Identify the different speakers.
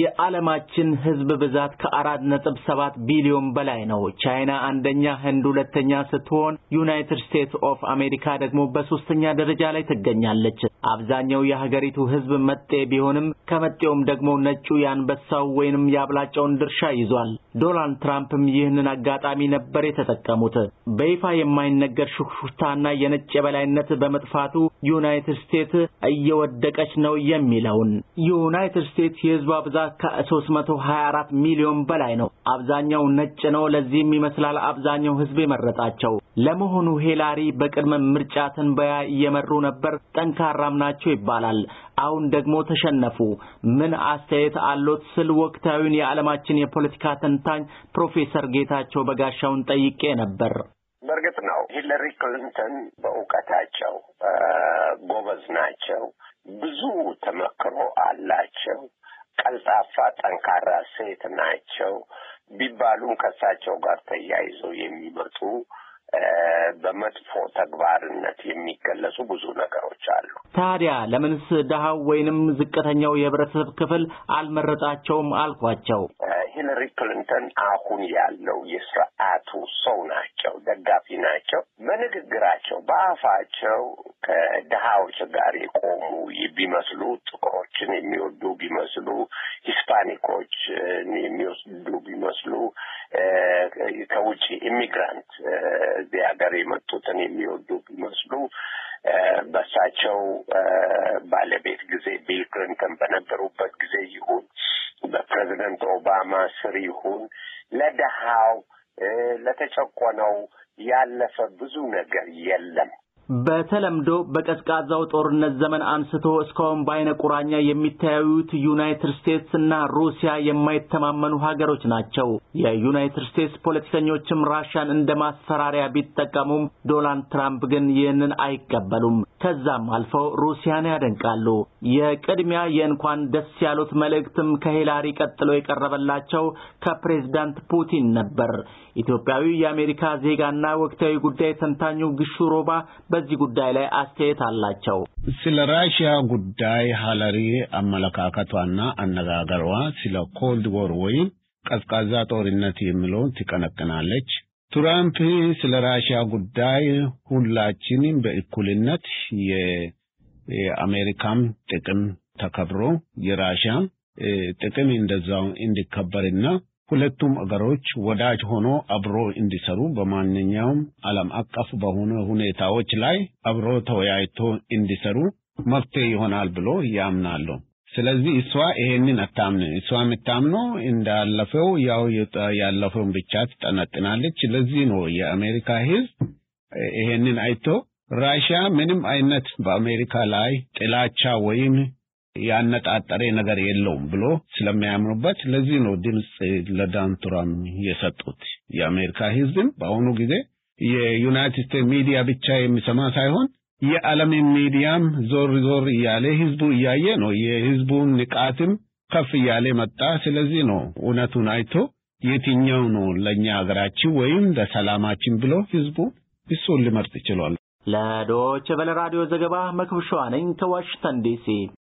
Speaker 1: የዓለማችን ህዝብ ብዛት ከአራት ነጥብ ሰባት ቢሊዮን በላይ ነው። ቻይና አንደኛ፣ ህንድ ሁለተኛ ስትሆን ዩናይትድ ስቴትስ ኦፍ አሜሪካ ደግሞ በሶስተኛ ደረጃ ላይ ትገኛለች። አብዛኛው የሀገሪቱ ህዝብ መጤ ቢሆንም ከመጤውም ደግሞ ነጩ የአንበሳው ወይንም የአብላጫውን ድርሻ ይዟል። ዶናልድ ትራምፕም ይህንን አጋጣሚ ነበር የተጠቀሙት። በይፋ የማይነገር ሹክሹክታና የነጭ የበላይነት በመጥፋቱ ዩናይትድ ስቴትስ እየወደቀች ነው የሚለውን ዩናይትድ ስቴትስ የህዝቧ ብዛት ከ324 ሚሊዮን በላይ ነው። አብዛኛው ነጭ ነው። ለዚህም ይመስላል አብዛኛው ህዝብ የመረጣቸው። ለመሆኑ ሂላሪ በቅድመ ምርጫ ትንበያ እየመሩ ነበር፣ ጠንካራም ናቸው ይባላል። አሁን ደግሞ ተሸነፉ። ምን አስተያየት አሎት ስል ወቅታዊውን የዓለማችን የፖለቲካ ተንታኝ ፕሮፌሰር ጌታቸው በጋሻውን ጠይቄ ነበር።
Speaker 2: በእርግጥ ነው ሂለሪ ክሊንተን በእውቀታቸው ጎበዝ ናቸው። ብዙ ተመክሮ አላቸው። ቀልጣፋ፣ ጠንካራ ሴት ናቸው። ቢባሉም ከእሳቸው ጋር ተያይዘው የሚመጡ በመጥፎ ተግባርነት የሚገለጹ ብዙ ነገሮች አሉ።
Speaker 1: ታዲያ ለምንስ ድሃው ወይንም ዝቅተኛው የህብረተሰብ ክፍል አልመረጣቸውም አልኳቸው።
Speaker 2: ሂለሪ ክሊንተን አሁን ያለው የስርዓቱ ሰው ናቸው፣ ደጋፊ ናቸው። በንግግራቸው በአፋቸው ከድሃዎች ጋር የቆሙ ቢመስሉ፣ ጥቁሮችን የሚወዱ ቢመስሉ፣ ሂስፓኒኮችን የሚወስዱ ቢመስሉ፣ ከውጭ ኢሚግራንት እዚህ ሀገር የመጡትን የሚወዱ ቢመስሉ በሳቸው ባለቤት ጊዜ ቢል ክሊንተን በነበሩበት ጊዜ ይሁ ኦባማ ስር ይሁን ለደሃው ለተጨቆነው ያለፈ ብዙ ነገር የለም።
Speaker 1: በተለምዶ በቀዝቃዛው ጦርነት ዘመን አንስቶ እስካሁን በአይነ ቁራኛ የሚታያዩት ዩናይትድ ስቴትስ እና ሩሲያ የማይተማመኑ ሀገሮች ናቸው። የዩናይትድ ስቴትስ ፖለቲከኞችም ራሽያን እንደ ማስፈራሪያ ቢጠቀሙም ዶናልድ ትራምፕ ግን ይህንን አይቀበሉም። ከዛም አልፈው ሩሲያን ያደንቃሉ። የቅድሚያ የእንኳን ደስ ያሉት መልእክትም ከሂላሪ ቀጥሎ የቀረበላቸው ከፕሬዝዳንት ፑቲን ነበር። ኢትዮጵያዊ የአሜሪካ ዜጋና ወቅታዊ ጉዳይ ተንታኙ ግሹ ሮባ በዚህ ጉዳይ ላይ አስተያየት አላቸው።
Speaker 3: ስለ ራሽያ ጉዳይ ሀለሪ አመለካከቷና አነጋገሯ ስለ ኮልድ ወር ወይም ቀዝቃዛ ጦርነት የሚለውን ትቀነቅናለች። ትራምፕ ስለ ራሽያ ጉዳይ ሁላችን በእኩልነት የአሜሪካም ጥቅም ተከብሮ የራሽያ ጥቅም እንደዛው እንዲከበርና ሁለቱም አገሮች ወዳጅ ሆኖ አብሮ እንዲሰሩ በማንኛውም ዓለም አቀፍ በሆነ ሁኔታዎች ላይ አብሮ ተወያይቶ እንዲሰሩ መፍትሄ ይሆናል ብሎ ያምናለሁ። ስለዚህ እሷ ይሄንን አታምን። እሷ የምታምነው እንዳለፈው ያው ያለፈውን ብቻ ትጠነጥናለች። ለዚህ ነው የአሜሪካ ሕዝብ ይሄንን አይቶ ራሽያ ምንም አይነት በአሜሪካ ላይ ጥላቻ ወይም ያነጣጠረ ነገር የለውም ብሎ ስለሚያምኑበት ለዚህ ነው ድምፅ ለዶናልድ ትራምፕ የሰጡት። የአሜሪካ ሕዝብም በአሁኑ ጊዜ የዩናይትድ ስቴትስ ሚዲያ ብቻ የሚሰማ ሳይሆን የዓለም ሚዲያም ዞር ዞር እያለ ህዝቡ እያየ ነው። የህዝቡን ንቃትም ከፍ እያለ መጣ። ስለዚህ ነው እውነቱን አይቶ የትኛው ነው ለእኛ ሀገራችን ወይም ለሰላማችን ብሎ ህዝቡ እሱን ሊመርጥ ይችላል።
Speaker 1: ለዶይቼ በለ ራዲዮ ዘገባ መክብሻዋ ነኝ ከዋሽንግተን ዲሲ